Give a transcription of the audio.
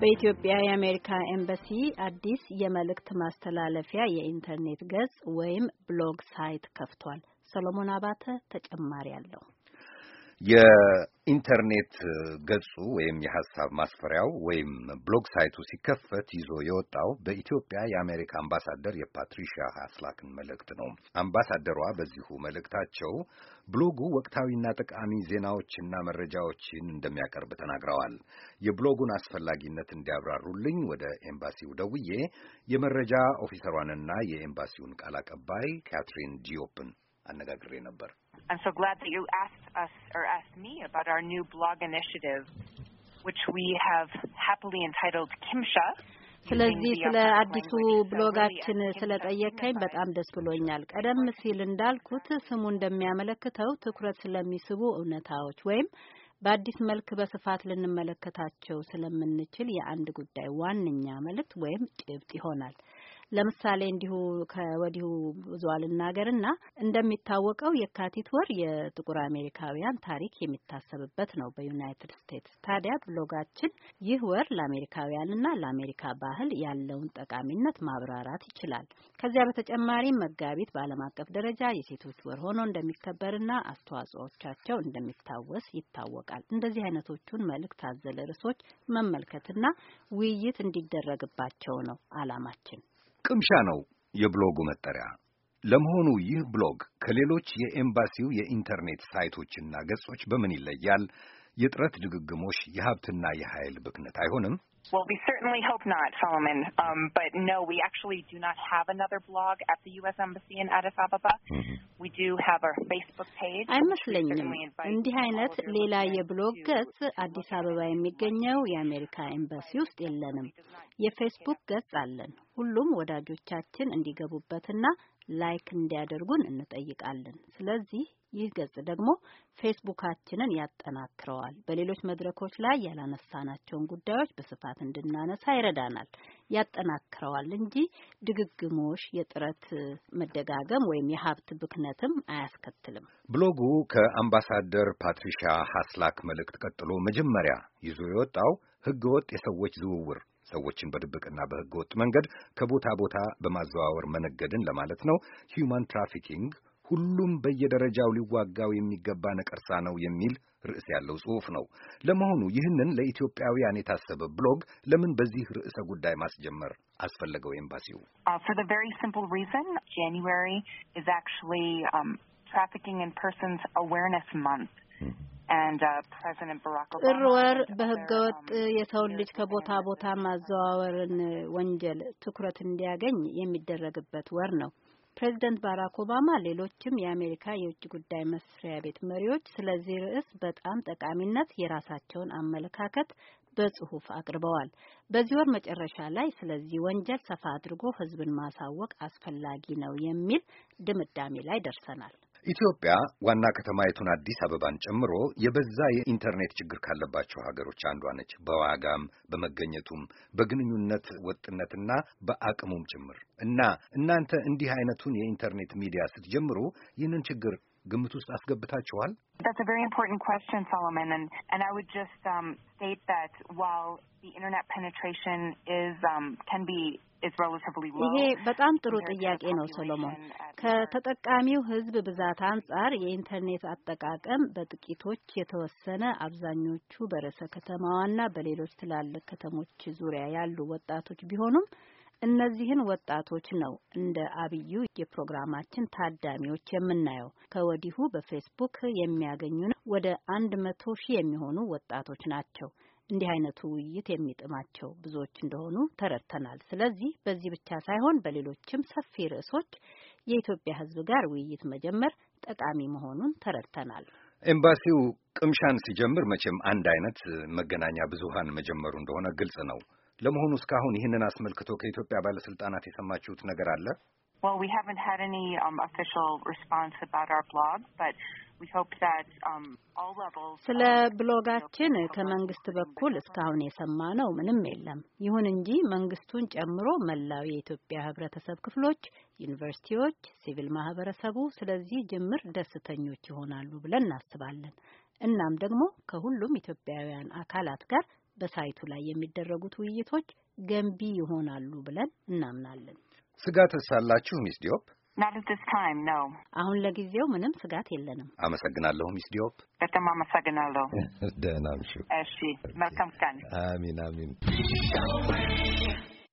በኢትዮጵያ የአሜሪካ ኤምባሲ አዲስ የመልእክት ማስተላለፊያ የኢንተርኔት ገጽ ወይም ብሎግ ሳይት ከፍቷል። ሰሎሞን አባተ ተጨማሪ አለው። የኢንተርኔት ገጹ ወይም የሀሳብ ማስፈሪያው ወይም ብሎግ ሳይቱ ሲከፈት ይዞ የወጣው በኢትዮጵያ የአሜሪካ አምባሳደር የፓትሪሻ ሀስላክን መልእክት ነው። አምባሳደሯ በዚሁ መልእክታቸው ብሎጉ ወቅታዊና ጠቃሚ ዜናዎችና መረጃዎችን እንደሚያቀርብ ተናግረዋል። የብሎጉን አስፈላጊነት እንዲያብራሩልኝ ወደ ኤምባሲው ደውዬ የመረጃ ኦፊሰሯንና የኤምባሲውን ቃል አቀባይ ካትሪን ዲዮፕን አነጋግሬ ነበር። I'm so glad that you asked us or asked me about our new blog initiative, which we have happily entitled Kimsha. ስለዚህ ስለ አዲሱ ብሎጋችን ስለጠየቀኝ በጣም ደስ ብሎኛል። ቀደም ሲል እንዳልኩት ስሙ እንደሚያመለክተው ትኩረት ስለሚስቡ እውነታዎች ወይም በአዲስ መልክ በስፋት ልንመለከታቸው ስለምንችል የአንድ ጉዳይ ዋነኛ መልእክት ወይም ጭብጥ ይሆናል። ለምሳሌ እንዲሁ ከወዲሁ ብዙ አልናገርና እንደሚታወቀው የካቲት ወር የጥቁር አሜሪካውያን ታሪክ የሚታሰብበት ነው በዩናይትድ ስቴትስ። ታዲያ ብሎጋችን ይህ ወር ለአሜሪካውያንና ለአሜሪካ ባህል ያለውን ጠቃሚነት ማብራራት ይችላል። ከዚያ በተጨማሪም መጋቢት በዓለም አቀፍ ደረጃ የሴቶች ወር ሆኖ እንደሚከበርና አስተዋጽኦቻቸው እንደሚታወስ ይታወቃል። እንደዚህ አይነቶቹን መልእክት አዘል ርዕሶች መመልከትና ውይይት እንዲደረግባቸው ነው አላማችን። ቅምሻ ነው የብሎጉ መጠሪያ። ለመሆኑ ይህ ብሎግ ከሌሎች የኤምባሲው የኢንተርኔት ሳይቶችና ገጾች በምን ይለያል? የጥረት ድግግሞሽ የሀብትና የኃይል ብክነት አይሆንም? አይመስለኝም። እንዲህ አይነት ሌላ የብሎግ ገጽ አዲስ አበባ የሚገኘው የአሜሪካ ኤምባሲ ውስጥ የለንም። የፌስቡክ ገጽ አለን። ሁሉም ወዳጆቻችን እንዲገቡበትና ላይክ እንዲያደርጉን እንጠይቃለን። ስለዚህ ይህ ገጽ ደግሞ ፌስቡካችንን ያጠናክረዋል። በሌሎች መድረኮች ላይ ያላነሳናቸውን ጉዳዮች በስፋት እንድናነሳ ይረዳናል፣ ያጠናክረዋል እንጂ ድግግሞሽ፣ የጥረት መደጋገም ወይም የሀብት ብክነትም አያስከትልም። ብሎጉ ከአምባሳደር ፓትሪሻ ሀስላክ መልእክት ቀጥሎ መጀመሪያ ይዞ የወጣው ህገወጥ የሰዎች ዝውውር ሰዎችን በድብቅና በህገወጥ መንገድ ከቦታ ቦታ በማዘዋወር መነገድን ለማለት ነው። ሂዩማን ትራፊኪንግ ሁሉም በየደረጃው ሊዋጋው የሚገባ ነቀርሳ ነው የሚል ርዕስ ያለው ጽሑፍ ነው። ለመሆኑ ይህንን ለኢትዮጵያውያን የታሰበ ብሎግ ለምን በዚህ ርዕሰ ጉዳይ ማስጀመር አስፈለገው? ኤምባሲው ጃንዋሪ uh, ጥር uh, ወር በህገወጥ um, የሰውን ልጅ ከቦታ ቦታ ማዘዋወርን ወንጀል ትኩረት እንዲያገኝ የሚደረግበት ወር ነው። ፕሬዚደንት ባራክ ኦባማ፣ ሌሎችም የአሜሪካ የውጭ ጉዳይ መስሪያ ቤት መሪዎች ስለዚህ ርዕስ በጣም ጠቃሚነት የራሳቸውን አመለካከት በጽሁፍ አቅርበዋል። በዚህ ወር መጨረሻ ላይ ስለዚህ ወንጀል ሰፋ አድርጎ ህዝብን ማሳወቅ አስፈላጊ ነው የሚል ድምዳሜ ላይ ደርሰናል። ኢትዮጵያ ዋና ከተማይቱን አዲስ አበባን ጨምሮ የበዛ የኢንተርኔት ችግር ካለባቸው ሀገሮች አንዷ ነች። በዋጋም በመገኘቱም በግንኙነት ወጥነትና በአቅሙም ጭምር እና እናንተ እንዲህ አይነቱን የኢንተርኔት ሚዲያ ስትጀምሩ ይህንን ችግር ግምት ውስጥ አስገብታችኋል? Um, ይሄ በጣም ጥሩ ጥያቄ ነው ሶሎሞን ከተጠቃሚው ሕዝብ ብዛት አንጻር የኢንተርኔት አጠቃቀም በጥቂቶች የተወሰነ፣ አብዛኞቹ በርዕሰ ከተማዋና በሌሎች ትላልቅ ከተሞች ዙሪያ ያሉ ወጣቶች ቢሆኑም እነዚህን ወጣቶች ነው እንደ አብዩ የፕሮግራማችን ታዳሚዎች የምናየው። ከወዲሁ በፌስቡክ የሚያገኙን ወደ አንድ መቶ ሺህ የሚሆኑ ወጣቶች ናቸው። እንዲህ አይነቱ ውይይት የሚጥማቸው ብዙዎች እንደሆኑ ተረድተናል። ስለዚህ በዚህ ብቻ ሳይሆን በሌሎችም ሰፊ ርዕሶች የኢትዮጵያ ሕዝብ ጋር ውይይት መጀመር ጠቃሚ መሆኑን ተረድተናል። ኤምባሲው ቅምሻን ሲጀምር መቼም አንድ አይነት መገናኛ ብዙሃን መጀመሩ እንደሆነ ግልጽ ነው። ለመሆኑ እስካሁን ይህንን አስመልክቶ ከኢትዮጵያ ባለስልጣናት የሰማችሁት ነገር አለ? ስለ ብሎጋችን ከመንግስት በኩል እስካሁን የሰማነው ምንም የለም። ይሁን እንጂ መንግስቱን ጨምሮ መላው የኢትዮጵያ ሕብረተሰብ ክፍሎች፣ ዩኒቨርሲቲዎች፣ ሲቪል ማህበረሰቡ ስለዚህ ጅምር ደስተኞች ይሆናሉ ብለን እናስባለን። እናም ደግሞ ከሁሉም ኢትዮጵያውያን አካላት ጋር በሳይቱ ላይ የሚደረጉት ውይይቶች ገንቢ ይሆናሉ ብለን እናምናለን። ስጋት ሳላችሁ ሚስ ዲዮፕ? አሁን ለጊዜው ምንም ስጋት የለንም። አመሰግናለሁ ሚስ ዲዮፕ። በጣም አመሰግናለሁ። ደህና እሺ፣ መልካም ቀን። አሚን አሚን።